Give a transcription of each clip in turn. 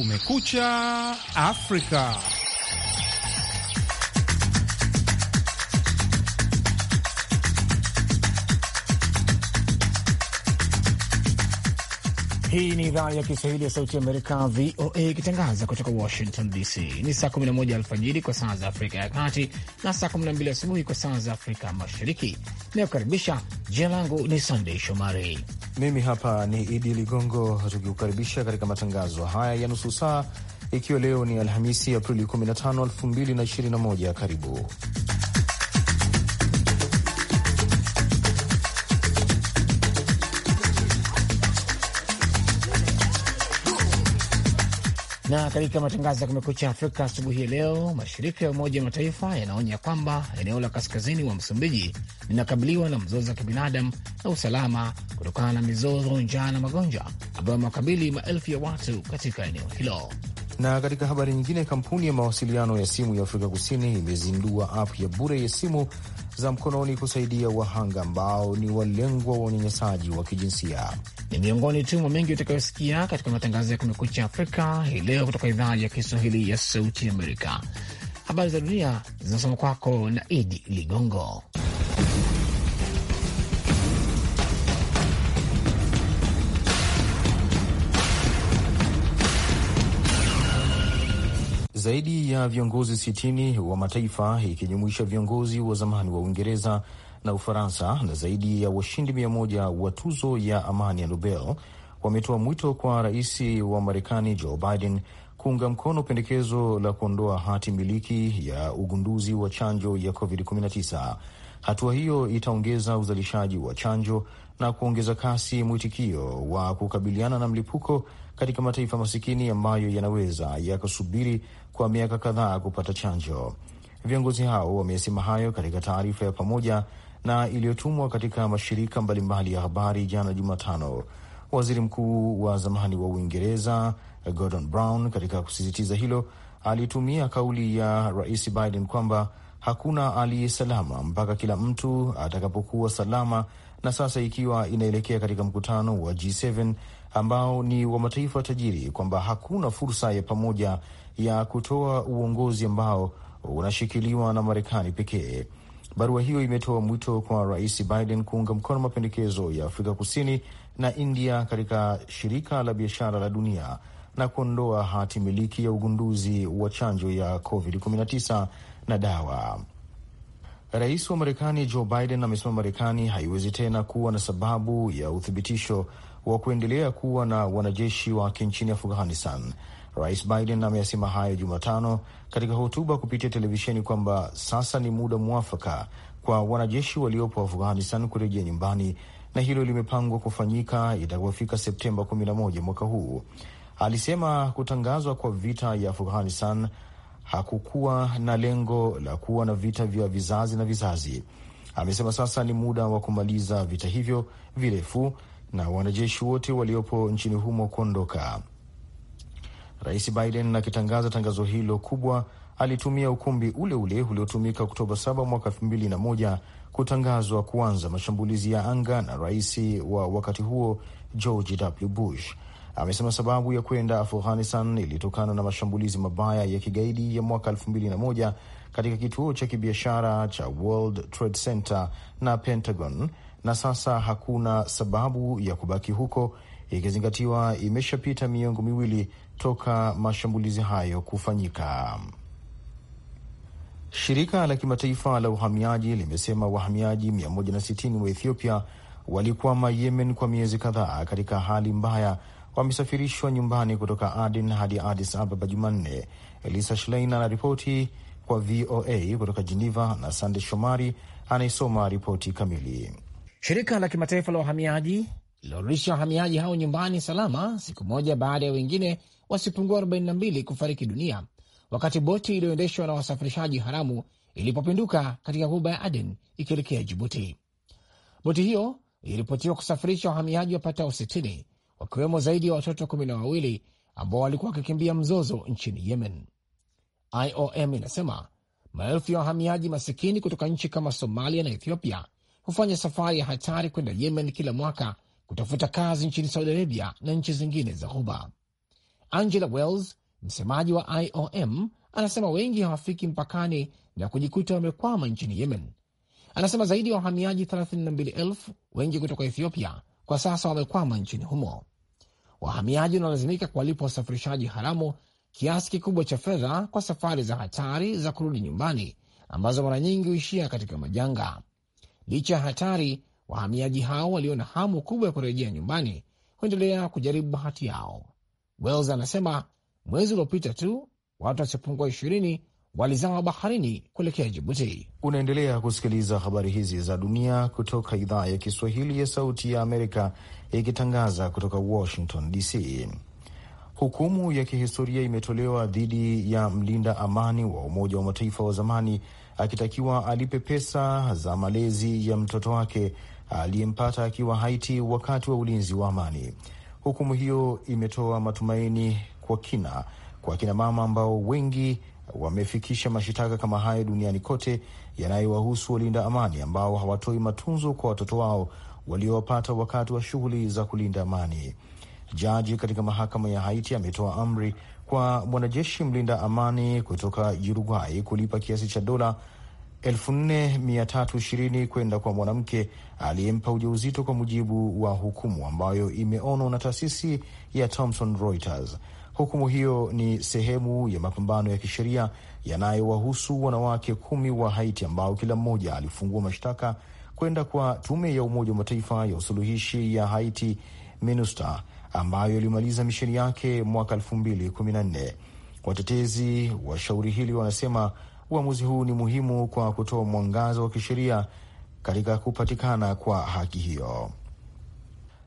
Kumekucha Afrika. Hii ni idhaa ya Kiswahili ya Sauti ya Amerika, VOA, ikitangaza kutoka Washington DC. Ni saa 11 alfajiri kwa saa za Afrika ya Kati na saa 12 asubuhi kwa saa za Afrika Mashariki. Inayokaribisha, jina langu ni Sandei Shomari mimi hapa ni Idi Ligongo, tukikukaribisha katika matangazo haya ya nusu saa, ikiwa leo ni Alhamisi Aprili 15, 2021. Karibu Na katika matangazo ya Kumekucha Afrika asubuhi ya leo, mashirika ya Umoja wa Mataifa yanaonya kwamba eneo la kaskazini wa Msumbiji linakabiliwa na mzozo wa kibinadamu na usalama kutokana na mizozo, njaa na magonjwa ambayo makabili maelfu ya watu katika eneo hilo. Na katika habari nyingine, kampuni ya mawasiliano ya simu ya Afrika Kusini imezindua app ya bure ya simu za mkononi kusaidia wahanga ambao ni walengwa wa unyanyasaji wa kijinsia. Ni miongoni tu mwa mengi utakayosikia katika matangazo ya Kumekucha Afrika hii leo kutoka idhaa ya Kiswahili ya Sauti Amerika. Habari za dunia zinasoma kwako na Idi Ligongo. Zaidi ya viongozi sitini wa mataifa ikijumuisha viongozi wa zamani wa Uingereza na Ufaransa na zaidi ya washindi mia moja wa tuzo ya amani ya Nobel wametoa mwito kwa rais wa Marekani Joe Biden kuunga mkono pendekezo la kuondoa hati miliki ya ugunduzi wa chanjo ya COVID-19. Hatua hiyo itaongeza uzalishaji wa chanjo na kuongeza kasi mwitikio wa kukabiliana na mlipuko katika mataifa masikini ambayo yanaweza yakasubiri kwa miaka kadhaa kupata chanjo. Viongozi hao wamesema hayo katika taarifa ya pamoja na iliyotumwa katika mashirika mbalimbali ya habari jana Jumatano. Waziri mkuu wa zamani wa Uingereza Gordon Brown, katika kusisitiza hilo, alitumia kauli ya Rais Biden kwamba hakuna aliyesalama mpaka kila mtu atakapokuwa salama, na sasa ikiwa inaelekea katika mkutano wa G7 ambao ni wa mataifa tajiri, kwamba hakuna fursa ya pamoja ya kutoa uongozi ambao unashikiliwa na Marekani pekee. Barua hiyo imetoa mwito kwa Rais Biden kuunga mkono mapendekezo ya Afrika Kusini na India katika shirika la biashara la dunia na kuondoa hati miliki ya ugunduzi wa chanjo ya COVID-19 na dawa. Rais wa Marekani Joe Biden amesema Marekani haiwezi tena kuwa na sababu ya uthibitisho wa kuendelea kuwa na wanajeshi wake nchini Afghanistan. Rais Biden ameyasema hayo Jumatano katika hotuba kupitia televisheni kwamba sasa ni muda mwafaka kwa wanajeshi waliopo Afghanistan kurejea nyumbani na hilo limepangwa kufanyika itakapofika Septemba 11 mwaka huu alisema kutangazwa kwa vita ya Afghanistan hakukuwa na lengo la kuwa na vita vya vizazi na vizazi. Amesema sasa ni muda wa kumaliza vita hivyo virefu na wanajeshi wote waliopo nchini humo kuondoka. Rais Biden akitangaza tangazo hilo kubwa alitumia ukumbi ule ule uliotumika Oktoba 7 mwaka 2001 kutangazwa kuanza mashambulizi ya anga na rais wa wakati huo George W. Bush amesema sababu ya kwenda Afghanistan ilitokana na mashambulizi mabaya ya kigaidi ya mwaka elfu mbili na moja katika kituo cha kibiashara cha World Trade Center na Pentagon, na sasa hakuna sababu ya kubaki huko ikizingatiwa imeshapita miongo miwili toka mashambulizi hayo kufanyika. Shirika la kimataifa la uhamiaji limesema wahamiaji 160 wa Ethiopia walikwama Yemen kwa miezi kadhaa katika hali mbaya wamesafirishwa nyumbani kutoka Aden hadi Addis Ababa Jumanne. Elisa Schlein anaripoti kwa VOA kutoka Jeneva na Sande Shomari anayesoma ripoti kamili. Shirika la kimataifa la wahamiaji lilorudisha wahamiaji hao nyumbani salama siku moja baada ya wengine wasipungua 42 kufariki dunia wakati boti iliyoendeshwa na wasafirishaji haramu ilipopinduka katika ghuba ya Aden ikielekea Jibuti. Boti hiyo iliripotiwa kusafirisha wahamiaji wapatao 60 wakiwemo zaidi ya watoto kumi na wawili ambao walikuwa wakikimbia mzozo nchini Yemen. IOM inasema maelfu ya wahamiaji masikini kutoka nchi kama Somalia na Ethiopia hufanya safari ya hatari kwenda Yemen kila mwaka kutafuta kazi nchini Saudi Arabia na nchi zingine za Ghuba. Angela Wells, msemaji wa IOM, anasema wengi hawafiki mpakani na kujikuta wamekwama nchini Yemen. Anasema zaidi ya wahamiaji 32,000 wengi kutoka Ethiopia kwa sasa wamekwama nchini humo wahamiaji wanalazimika kuwalipa wasafirishaji haramu kiasi kikubwa cha fedha kwa safari za hatari za kurudi nyumbani ambazo mara nyingi huishia katika majanga. Licha ya hatari, wahamiaji hao walio na hamu kubwa ya kurejea nyumbani huendelea kujaribu bahati yao. Wells anasema mwezi uliopita tu watu wasiopungua ishirini walizama baharini kuelekea Jibuti. Unaendelea kusikiliza habari hizi za dunia kutoka idhaa ya Kiswahili ya Sauti ya Amerika ikitangaza kutoka Washington DC. Hukumu ya kihistoria imetolewa dhidi ya mlinda amani wa Umoja wa Mataifa wa zamani akitakiwa alipe pesa za malezi ya mtoto wake aliyempata akiwa Haiti wakati wa ulinzi wa amani. Hukumu hiyo imetoa matumaini kwa kina kwa kinamama ambao wengi wamefikisha mashitaka kama hayo duniani kote yanayowahusu walinda amani ambao hawatoi matunzo kwa watoto wao waliowapata wakati wa shughuli za kulinda amani. Jaji katika mahakama ya Haiti ametoa amri kwa mwanajeshi mlinda amani kutoka Uruguay kulipa kiasi cha dola 4320 kwenda kwa mwanamke aliyempa ujauzito kwa mujibu wa hukumu ambayo imeonwa na taasisi ya Thomson Reuters. Hukumu hiyo ni sehemu ya mapambano ya kisheria yanayowahusu wanawake kumi wa Haiti ambao kila mmoja alifungua mashtaka kwenda kwa tume ya Umoja wa Mataifa ya usuluhishi ya Haiti, MINUSTA, ambayo ilimaliza misheni yake mwaka elfu mbili kumi na nne. Watetezi wa shauri hili wanasema uamuzi huu ni muhimu kwa kutoa mwangaza wa kisheria katika kupatikana kwa haki hiyo.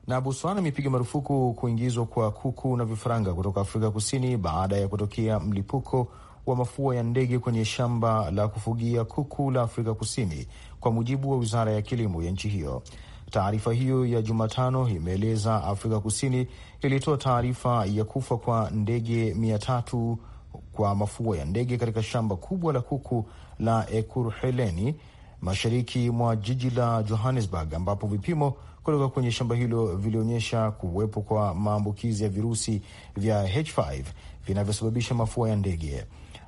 Na Botswana imepiga marufuku kuingizwa kwa kuku na vifaranga kutoka Afrika Kusini baada ya kutokea mlipuko wa mafua ya ndege kwenye shamba la kufugia kuku la Afrika Kusini, kwa mujibu wa wizara ya kilimo ya nchi hiyo. Taarifa hiyo ya Jumatano imeeleza Afrika Kusini ilitoa taarifa ya kufa kwa ndege mia tatu kwa mafua ya ndege katika shamba kubwa la kuku la ekurheleni mashariki mwa jiji la Johannesburg ambapo vipimo kutoka kwenye shamba hilo vilionyesha kuwepo kwa maambukizi ya virusi vya H5 vinavyosababisha mafua ya ndege.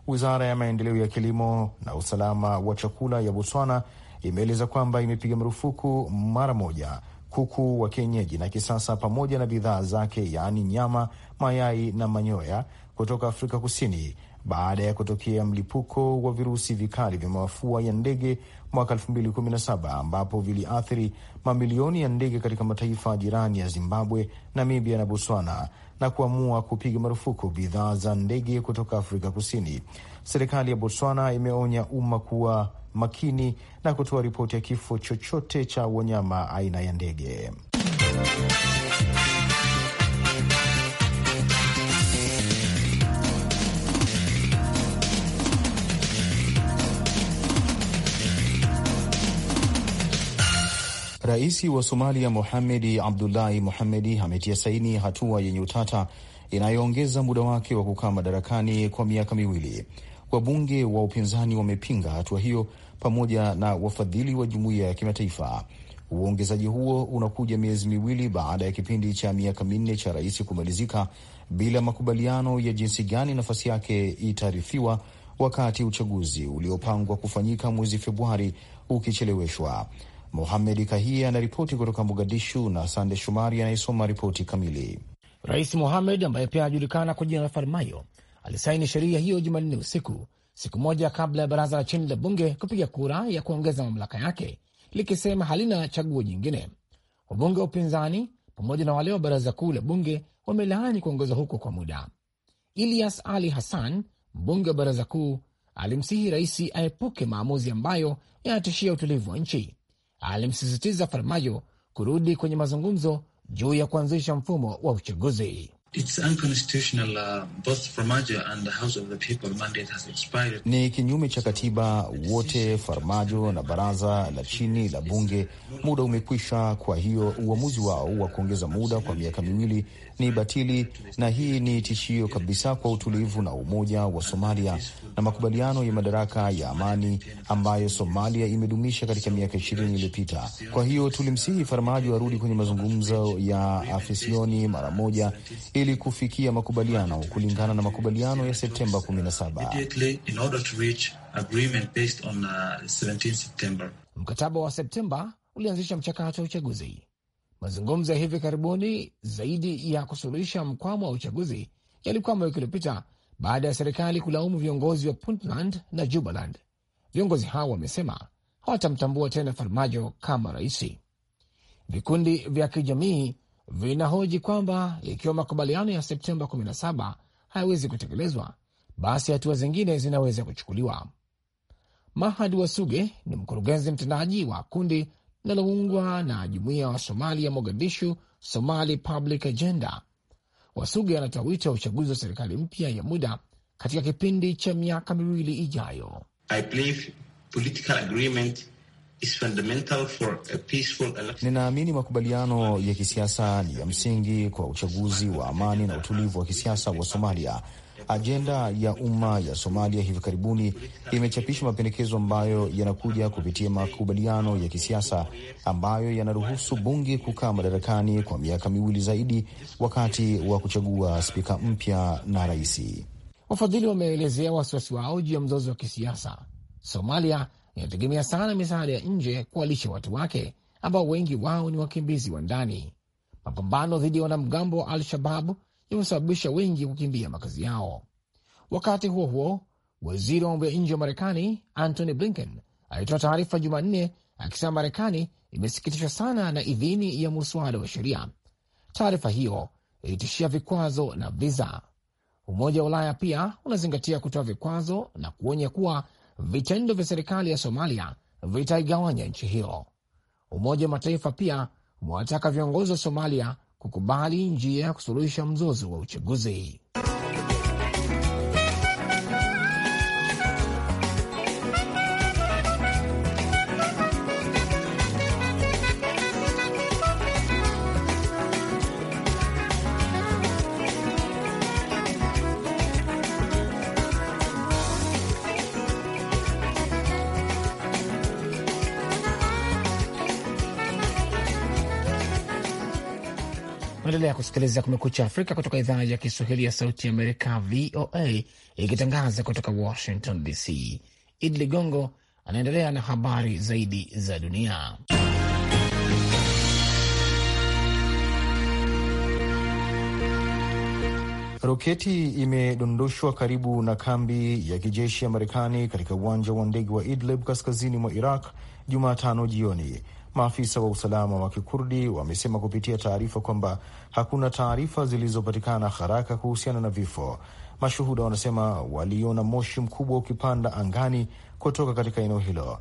Wizara ya maendeleo ya kilimo na usalama wa chakula ya Botswana imeeleza kwamba imepiga marufuku mara moja kuku wa kienyeji na kisasa pamoja na bidhaa zake, yaani nyama, mayai na manyoya kutoka Afrika Kusini baada ya kutokea mlipuko wa virusi vikali vya mafua ya ndege mwaka 2017 ambapo viliathiri mamilioni ya ndege katika mataifa jirani ya Zimbabwe, Namibia na Botswana na kuamua kupiga marufuku bidhaa za ndege kutoka Afrika Kusini. Serikali ya Botswana imeonya umma kuwa makini na kutoa ripoti ya kifo chochote cha wanyama aina ya ndege. Rais wa Somalia Mohamedi Abdullahi Mohamedi ametia saini hatua yenye utata inayoongeza muda wake wa kukaa madarakani kwa miaka miwili. Wabunge wa upinzani wamepinga hatua hiyo pamoja na wafadhili wa jumuiya ya kimataifa. Uongezaji huo unakuja miezi miwili baada ya kipindi cha miaka minne cha rais kumalizika bila makubaliano ya jinsi gani nafasi yake itaarifiwa wakati uchaguzi uliopangwa kufanyika mwezi Februari ukicheleweshwa. Mohamed Kahia anaripoti kutoka Mogadishu na Sande Shumari anayesoma ripoti kamili. Rais Mohamed ambaye pia anajulikana kwa jina la Farmayo alisaini sheria hiyo Jumanne usiku, siku moja kabla ya baraza la chini la bunge kupiga kura ya kuongeza mamlaka yake, likisema halina chaguo jingine. Wabunge wa upinzani pamoja na wale wa baraza kuu la bunge wamelaani kuongezwa huko kwa muda. ilias Ali Hassan, mbunge wa baraza kuu, alimsihi rais aepuke maamuzi ambayo yanatishia utulivu wa nchi alimsisitiza Farmajo kurudi kwenye mazungumzo juu ya kuanzisha mfumo wa uchaguzi. Uh, ni kinyume cha katiba. Wote Farmajo na baraza la chini la bunge, muda umekwisha. Kwa hiyo uamuzi wao wa kuongeza muda kwa miaka miwili ni batili, na hii ni tishio kabisa kwa utulivu na umoja wa Somalia na makubaliano ya madaraka ya amani ambayo Somalia imedumisha katika miaka ishirini iliyopita. Kwa hiyo tulimsihi Farmajo arudi kwenye mazungumzo ya afisioni mara moja ili ili kufikia makubaliano kulingana na makubaliano ya Septemba 17. Uh, Mkataba wa Septemba ulianzisha mchakato wa uchaguzi. Mazungumzo ya hivi karibuni zaidi ya kusuluhisha mkwamo wa uchaguzi yalikwama wiki iliyopita baada ya serikali kulaumu viongozi wa Puntland na Jubaland. Viongozi hao wamesema hawatamtambua tena Farmajo kama raisi. Vikundi vya kijamii vinahoji kwamba ikiwa makubaliano ya Septemba 17 hayawezi kutekelezwa, basi hatua zingine zinaweza kuchukuliwa. Mahad Wasuge ni mkurugenzi mtendaji wa kundi linaloungwa na jumuiya wa Somalia Mogadishu, Somali Public Agenda. Wasuge anatoa wito wa uchaguzi wa serikali mpya ya muda katika kipindi cha miaka miwili ijayo. I believe political agreement Ninaamini makubaliano ya kisiasa ni ya msingi kwa uchaguzi wa amani na utulivu wa kisiasa wa Somalia. Ajenda ya umma ya Somalia hivi karibuni imechapisha mapendekezo ambayo yanakuja kupitia makubaliano ya kisiasa ambayo yanaruhusu bunge kukaa madarakani kwa miaka miwili zaidi wakati wa kuchagua spika mpya na raisi. Wafadhili wameelezea wasiwasi wao juu ya mzozo wa kisiasa Somalia inategemea sana misaada ya nje kuwalisha watu wake ambao wengi wao ni wakimbizi wa ndani. Mapambano dhidi ya wanamgambo wa Al-Shababu yamesababisha wengi kukimbia makazi yao. Wakati huo huo, waziri wa mambo ya nje wa Marekani Antony Blinken alitoa taarifa Jumanne akisema Marekani imesikitishwa sana na idhini ya muswada wa sheria. Taarifa hiyo ilitishia vikwazo na viza. Umoja wa Ulaya pia unazingatia kutoa vikwazo na kuonya kuwa vitendo vya serikali ya Somalia vitaigawanya nchi hiyo. Umoja wa Mataifa pia umewataka viongozi wa Somalia kukubali njia ya kusuluhisha mzozo wa uchaguzi. Unaendelea kusikiliza Kumekucha Afrika kutoka idhaa ya Kiswahili ya Sauti ya Amerika, VOA, ikitangaza kutoka Washington DC. Idi Ligongo anaendelea na habari zaidi za dunia. Roketi imedondoshwa karibu na kambi ya kijeshi ya Marekani katika uwanja wa ndege wa Idlib kaskazini mwa Iraq Jumatano jioni Maafisa wa usalama wa kikurdi wamesema kupitia taarifa kwamba hakuna taarifa zilizopatikana haraka kuhusiana na vifo. Mashuhuda wanasema waliona moshi mkubwa ukipanda angani kutoka katika eneo hilo.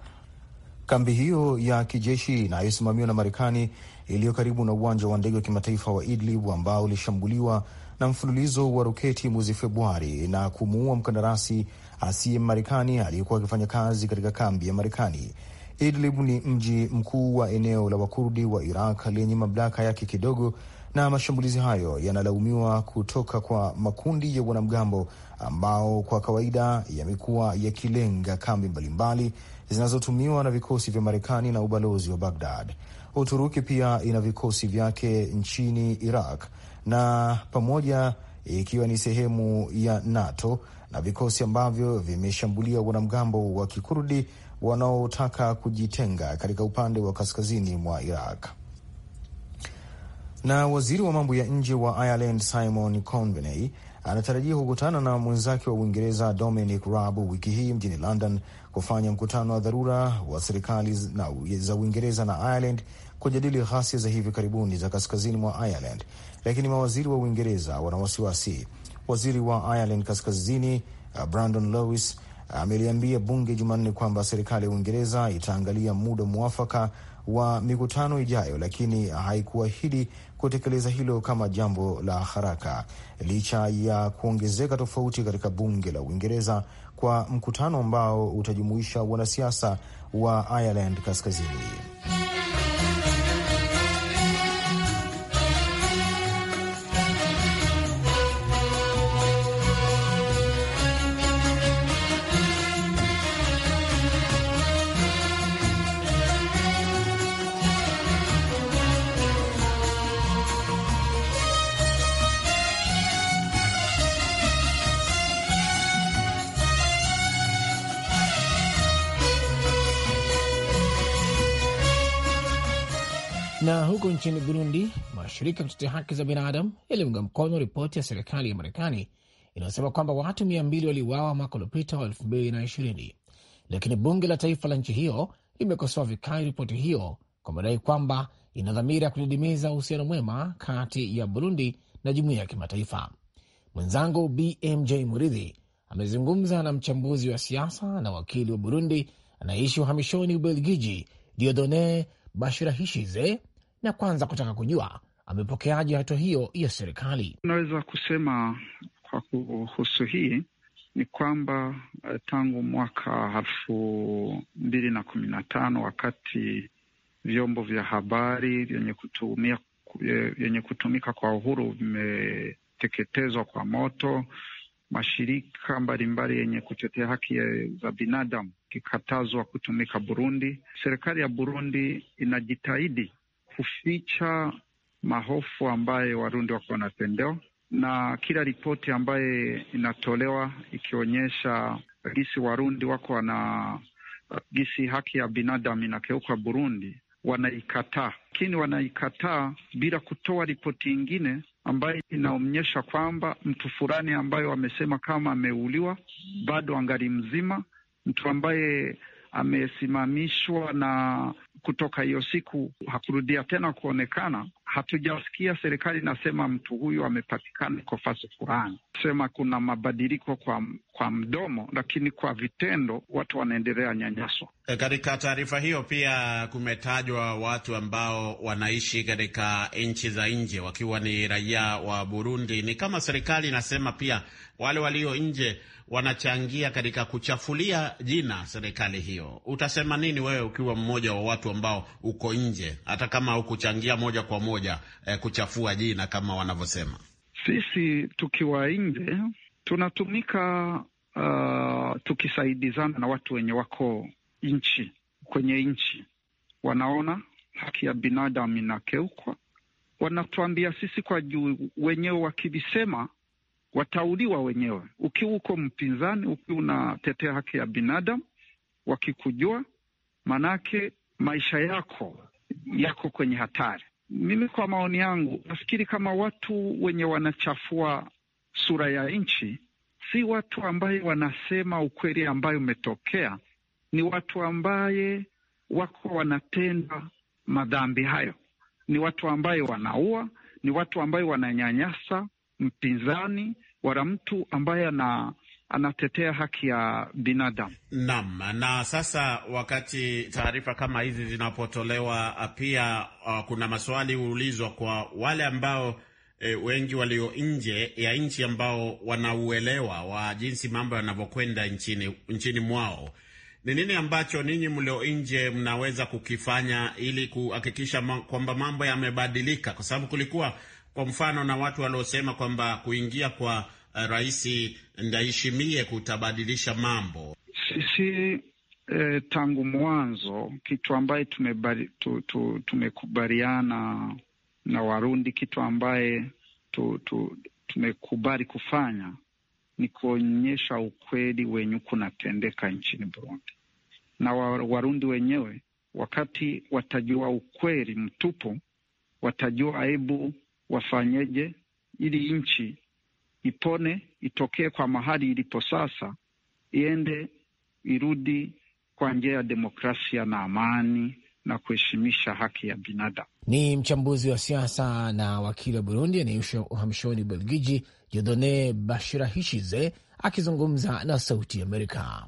Kambi hiyo ya kijeshi inayosimamiwa na Marekani iliyo karibu na uwanja wa ndege wa kimataifa wa Idlib ambao ulishambuliwa na mfululizo wa roketi mwezi Februari na kumuua mkandarasi asiye Marekani aliyekuwa akifanya kazi katika kambi ya Marekani. Idlib ni mji mkuu wa eneo la Wakurdi wa Iraq lenye mamlaka yake kidogo, na mashambulizi hayo yanalaumiwa kutoka kwa makundi ya wanamgambo ambao kwa kawaida yamekuwa yakilenga kambi mbalimbali zinazotumiwa na vikosi vya Marekani na ubalozi wa Bagdad. Uturuki pia ina vikosi vyake nchini Iraq na pamoja ikiwa ni sehemu ya NATO na vikosi ambavyo vimeshambulia wanamgambo wa Kikurdi wanaotaka kujitenga katika upande wa kaskazini mwa Iraq. Na waziri wa mambo ya nje wa Ireland Simon Coveney anatarajia kukutana na mwenzake wa Uingereza Dominic Raab wiki hii mjini London kufanya mkutano wa dharura wa serikali za Uingereza na Ireland kujadili ghasia za hivi karibuni za kaskazini mwa Ireland, lakini mawaziri wa Uingereza wana wasiwasi. Waziri wa Ireland Kaskazini uh, Brandon Lewis ameliambia bunge Jumanne kwamba serikali ya Uingereza itaangalia muda mwafaka wa mikutano ijayo, lakini haikuahidi kutekeleza hilo kama jambo la haraka, licha ya kuongezeka tofauti katika bunge la Uingereza kwa mkutano ambao utajumuisha wanasiasa wa Ireland Kaskazini. Na huko nchini Burundi, mashirika ya kutetea haki za binadamu yaliunga mkono ripoti ya serikali ya Marekani inayosema kwamba watu mia mbili waliuawa mwaka uliopita wa elfu mbili na ishirini, lakini bunge la taifa la nchi hiyo limekosoa vikali ripoti hiyo kwa madai kwamba ina dhamira ya kudidimiza uhusiano mwema kati ya Burundi na jumuiya ya kimataifa. Mwenzangu BMJ Muridhi amezungumza na mchambuzi wa siasa na wakili wa Burundi anayeishi uhamishoni Ubelgiji, Diodone Bashirahishize na kwanza kutaka kujua amepokeaje hatua hiyo ya serikali. Unaweza kusema kwa kuhusu hii ni kwamba eh, tangu mwaka elfu mbili na kumi na tano wakati vyombo vya habari vyenye kutumia vyenye kutumika kwa uhuru vimeteketezwa kwa moto, mashirika mbalimbali yenye kutetea haki za binadamu ikikatazwa kutumika Burundi. Serikali ya Burundi inajitahidi kuficha mahofu ambaye Warundi wako wanatendewa na kila ripoti ambaye inatolewa ikionyesha gisi Warundi wako wana gisi haki ya binadamu inakeuka Burundi, wanaikataa. Lakini wanaikataa bila kutoa ripoti ingine ambayo inaonyesha kwamba mtu fulani ambayo wamesema kama ameuliwa bado angali mzima, mtu ambaye amesimamishwa na kutoka hiyo siku hakurudia tena kuonekana hatujasikia serikali inasema mtu huyu amepatikana kofasi fulani, sema kuna mabadiliko kwa, kwa mdomo, lakini kwa vitendo watu wanaendelea nyanyaswa E, katika taarifa hiyo pia kumetajwa watu ambao wanaishi katika nchi za nje wakiwa ni raia wa Burundi. Ni kama serikali inasema pia wale walio nje wanachangia katika kuchafulia jina serikali hiyo. Utasema nini wewe ukiwa mmoja wa watu ambao uko nje, hata kama hukuchangia moja kwa moja pamoja eh, kuchafua jina kama wanavyosema. Sisi tukiwa nje tunatumika uh, tukisaidizana na watu wenye wako nchi kwenye nchi, wanaona haki ya binadamu inakeukwa, wanatuambia sisi, kwa juu wenyewe wakivisema watauliwa wenyewe. Ukiwa uko mpinzani, ukiwa unatetea haki ya binadamu, wakikujua, manake maisha yako yako kwenye hatari. Mimi kwa maoni yangu, nafikiri kama watu wenye wanachafua sura ya nchi si watu ambaye wanasema ukweli ambayo umetokea, ni watu ambaye wako wanatenda madhambi hayo, ni watu ambaye wanaua, ni watu ambaye wananyanyasa mpinzani, wala mtu ambaye ana anatetea haki ya binadamu. Naam. Na sasa wakati taarifa kama hizi zinapotolewa, uh, pia uh, kuna maswali huulizwa kwa wale ambao e, wengi walio nje ya nchi ambao wanauelewa wa jinsi mambo yanavyokwenda nchini, nchini mwao ni nini ambacho ninyi mlio nje mnaweza kukifanya ili kuhakikisha kwamba mambo yamebadilika? Kwa sababu kulikuwa kwa mfano na watu waliosema kwamba kuingia kwa Eh, Rais Ndayishimiye kutabadilisha mambo? Sisi eh, tangu mwanzo kitu ambaye tumekubaliana na Warundi, kitu ambaye tu, tu, tumekubali kufanya ni kuonyesha ukweli wenye kunatendeka nchini Burundi na Warundi wenyewe wakati watajua ukweli mtupu, watajua aibu wafanyeje ili nchi ipone, itokee kwa mahali ilipo sasa, iende irudi kwa njia ya demokrasia na amani na kuheshimisha haki ya binadamu. Ni mchambuzi wa siasa na wakili wa Burundi anayeishi uhamishoni Belgiji, Jedone Bashirahishize akizungumza na Sauti Amerika.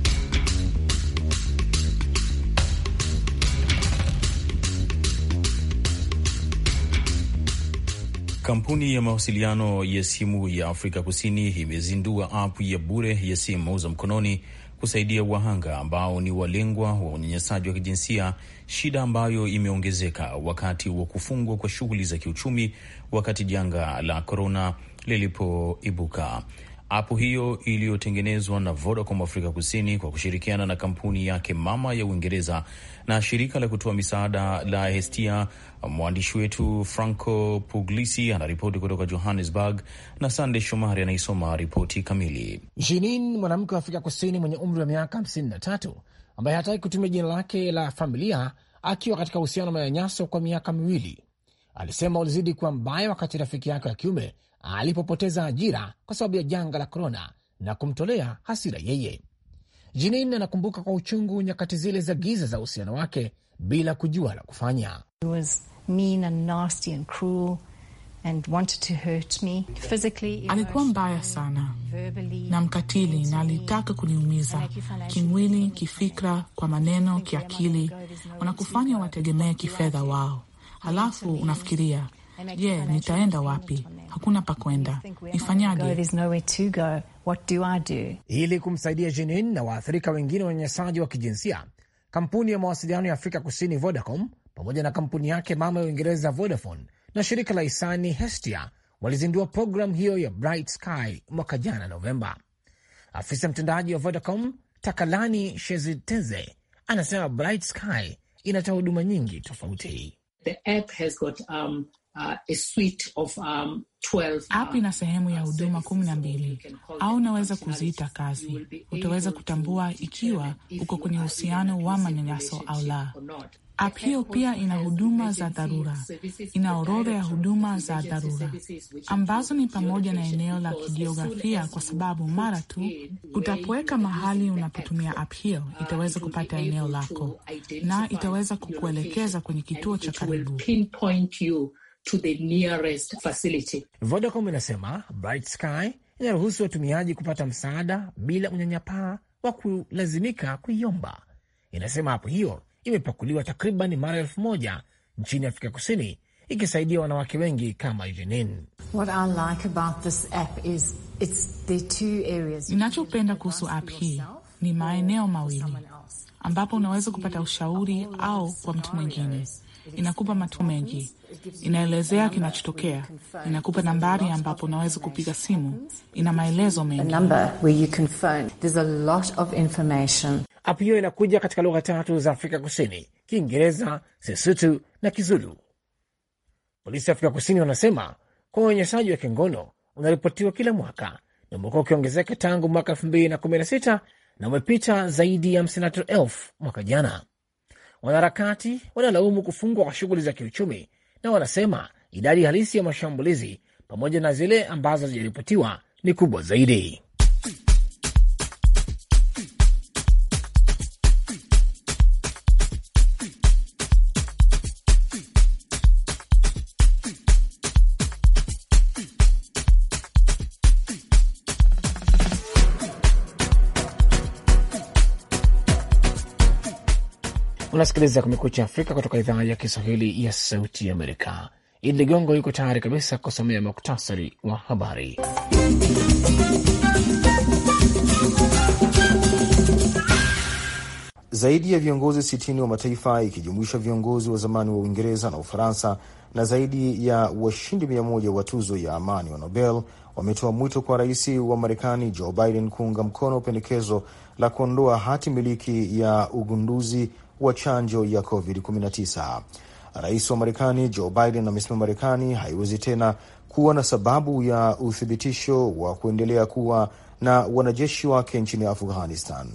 Kampuni ya mawasiliano ya simu ya Afrika Kusini imezindua app ya bure ya simu za mkononi kusaidia wahanga ambao ni walengwa wa unyanyasaji wa kijinsia, shida ambayo imeongezeka wakati wa kufungwa kwa shughuli za kiuchumi wakati janga la korona lilipoibuka. Apu hiyo iliyotengenezwa na Vodacom Afrika Kusini kwa kushirikiana na kampuni yake mama ya Uingereza na shirika la kutoa misaada la Hestia. Mwandishi wetu Franco Puglisi anaripoti kutoka Johannesburg na Sande Shomari anaisoma ripoti kamili. Jinin, mwanamke wa Afrika Kusini mwenye umri wa miaka 53 ambaye hataki kutumia jina lake la familia, akiwa katika uhusiano wa manyanyaso kwa miaka miwili, alisema ulizidi kuwa mbaya wakati rafiki yake wa kiume alipopoteza ajira kwa sababu ya janga la korona na kumtolea hasira yeye. Jeanine anakumbuka kwa uchungu nyakati zile za giza za uhusiano wake bila kujua la kufanya. Alikuwa mbaya sana na mkatili, na alitaka kuniumiza kimwili, kifikra, kwa maneno, kiakili. Wanakufanya wategemee kifedha wao, halafu unafikiria Je, yeah, nitaenda wapi? Hakuna pa kwenda, nifanyaje? Ili kumsaidia Jenin na waathirika wengine wa unyanyasaji wa kijinsia, kampuni ya mawasiliano ya Afrika Kusini Vodacom pamoja na kampuni yake mama ya Uingereza Vodafone na shirika la hisani Hestia walizindua programu hiyo ya Bright Sky mwaka jana Novemba. Afisa mtendaji wa Vodacom Takalani Sheziteze anasema Bright Sky inatoa huduma nyingi tofauti. The app has got, um, Uh, a suite of, um, 12, uh, app ina sehemu ya uh, huduma kumi na mbili au unaweza kuziita kazi. Utaweza kutambua ikiwa uko kwenye uhusiano wa manyanyaso au la. App hiyo pia ina huduma za dharura, ina orodha ya huduma za dharura ambazo ni pamoja na eneo la kijiografia, kwa sababu mara tu utapoweka mahali unapotumia app hiyo, uh, itaweza kupata eneo lako na itaweza kukuelekeza kwenye kituo cha karibu to the nearest facility. Vodacom inasema Bright Sky inaruhusu watumiaji kupata msaada bila unyanyapaa wa kulazimika kuiomba. Inasema hapo hiyo imepakuliwa takriban mara elfu moja nchini Afrika Kusini, ikisaidia wanawake wengi kama Jenin. Ninachopenda kuhusu app hii ni maeneo mawili ambapo unaweza kupata ushauri au kwa mtu mwingine inakupa matu mengi, inaelezea kinachotokea, inakupa nambari ambapo unaweza kupiga simu, ina maelezo mengi. App hiyo inakuja katika lugha tatu za Afrika Kusini: Kiingereza, Sesutu na Kizulu. Polisi Afrika Kusini wanasema kwa unyanyasaji wa kingono unaripotiwa kila mwaka na umekuwa ukiongezeka tangu mwaka elfu mbili na kumi na sita na umepita zaidi ya elfu hamsini na tatu mwaka jana. Wanaharakati wanalaumu kufungwa kwa shughuli za kiuchumi na wanasema idadi halisi ya mashambulizi pamoja na zile ambazo hazijaripotiwa ni kubwa zaidi. Unasikiliza Kumekucha Afrika kutoka idhaa ya Kiswahili ya Sauti Amerika. Idi Ligongo yuko tayari kabisa kusomea muktasari wa habari. Zaidi ya viongozi 60 wa mataifa ikijumuisha viongozi wa zamani wa Uingereza na Ufaransa na zaidi ya washindi mia moja wa tuzo ya amani wa Nobel wametoa mwito kwa rais wa Marekani Joe Biden kuunga mkono pendekezo la kuondoa hati miliki ya ugunduzi wa chanjo ya COVID-19. Rais wa Marekani Joe Biden amesema Marekani haiwezi tena kuwa na sababu ya uthibitisho wa kuendelea kuwa na wanajeshi wake nchini Afghanistan.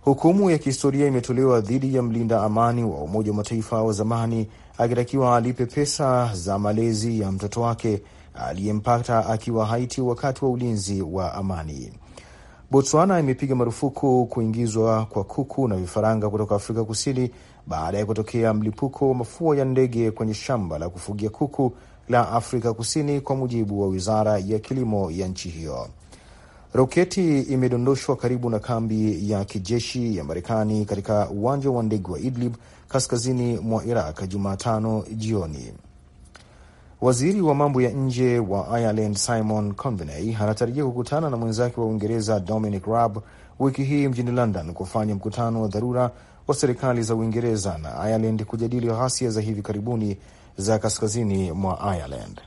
Hukumu ya kihistoria imetolewa dhidi ya mlinda amani wa Umoja wa Mataifa wa zamani akitakiwa alipe pesa za malezi ya mtoto wake aliyempata akiwa Haiti wakati wa ulinzi wa amani. Botswana imepiga marufuku kuingizwa kwa kuku na vifaranga kutoka Afrika Kusini baada ya kutokea mlipuko wa mafua ya ndege kwenye shamba la kufugia kuku la Afrika Kusini, kwa mujibu wa wizara ya kilimo ya nchi hiyo. Roketi imedondoshwa karibu na kambi ya kijeshi ya Marekani katika uwanja wa ndege wa Idlib kaskazini mwa Iraq Jumatano jioni. Waziri wa mambo ya nje wa Ireland Simon Coveney anatarajia kukutana na mwenzake wa Uingereza Dominic Raab wiki hii mjini London kufanya mkutano wa dharura wa serikali za Uingereza na Ireland kujadili ghasia za hivi karibuni za kaskazini mwa Ireland.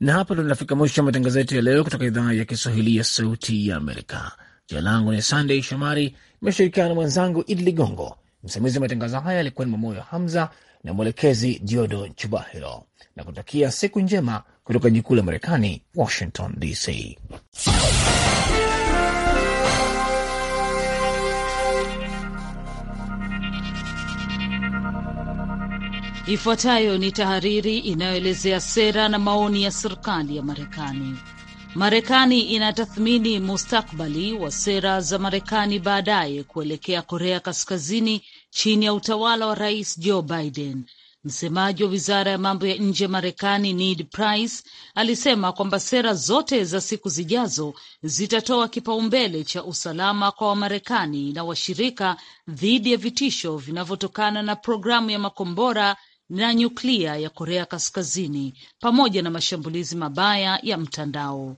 Na hapa ndo tunafika mwisho wa matangazo yetu ya leo kutoka idhaa ya Kiswahili ya Sauti ya Amerika. Jina langu ni Sandey Shomari, imeshirikiana na mwenzangu Idi Ligongo. Msimamizi wa matangazo haya alikuwa ni Mamoyo Hamza na mwelekezi Diodo Chubahiro na kutakia siku njema kutoka jikuu la Marekani, Washington DC. Ifuatayo ni tahariri inayoelezea sera na maoni ya serikali ya Marekani. Marekani inatathmini mustakbali wa sera za Marekani baadaye kuelekea Korea Kaskazini chini ya utawala wa Rais Joe Biden. Msemaji wa wizara ya mambo ya nje ya Marekani Ned Price alisema kwamba sera zote za siku zijazo zitatoa kipaumbele cha usalama kwa Wamarekani na washirika dhidi ya vitisho vinavyotokana na programu ya makombora na nyuklia ya Korea Kaskazini pamoja na mashambulizi mabaya ya mtandao.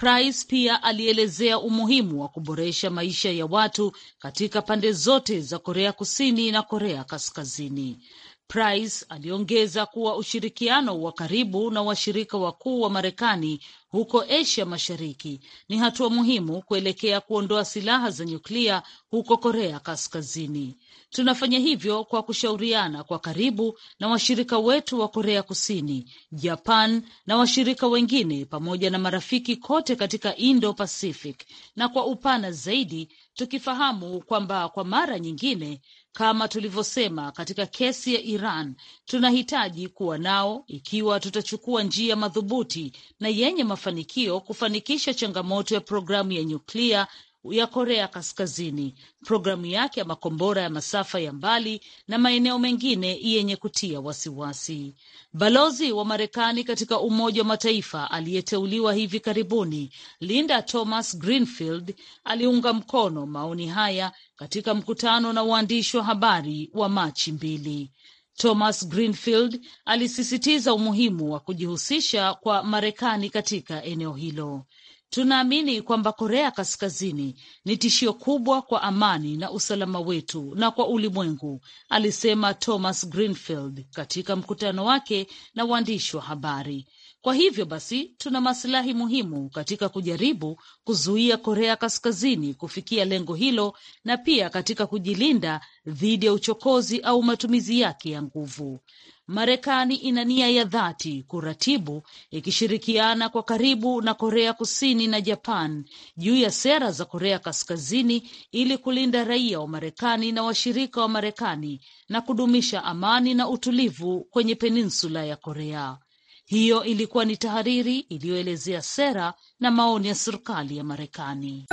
Price pia alielezea umuhimu wa kuboresha maisha ya watu katika pande zote za Korea Kusini na Korea Kaskazini. Price aliongeza kuwa ushirikiano wa karibu na washirika wakuu wa Marekani huko Asia Mashariki ni hatua muhimu kuelekea kuondoa silaha za nyuklia huko Korea Kaskazini. Tunafanya hivyo kwa kushauriana kwa karibu na washirika wetu wa Korea Kusini, Japan na washirika wengine, pamoja na marafiki kote katika Indo Pacific, na kwa upana zaidi, tukifahamu kwamba kwa mara nyingine, kama tulivyosema katika kesi ya Iran, tunahitaji kuwa nao ikiwa tutachukua njia madhubuti na yenye mafanikio kufanikisha changamoto ya programu ya nyuklia ya Korea Kaskazini, programu yake ya makombora ya masafa ya mbali na maeneo mengine yenye kutia wasiwasi. Balozi wa Marekani katika Umoja wa Mataifa aliyeteuliwa hivi karibuni Linda Thomas Greenfield aliunga mkono maoni haya katika mkutano na waandishi wa habari wa Machi mbili. Thomas Greenfield alisisitiza umuhimu wa kujihusisha kwa Marekani katika eneo hilo. Tunaamini kwamba Korea Kaskazini ni tishio kubwa kwa amani na usalama wetu na kwa ulimwengu, alisema Thomas Greenfield katika mkutano wake na waandishi wa habari. Kwa hivyo basi, tuna masilahi muhimu katika kujaribu kuzuia Korea Kaskazini kufikia lengo hilo na pia katika kujilinda dhidi ya uchokozi au matumizi yake ya nguvu. Marekani ina nia ya dhati kuratibu ikishirikiana kwa karibu na Korea Kusini na Japan juu ya sera za Korea Kaskazini ili kulinda raia wa Marekani na washirika wa Marekani na kudumisha amani na utulivu kwenye peninsula ya Korea. Hiyo ilikuwa ni tahariri iliyoelezea sera na maoni ya serikali ya Marekani.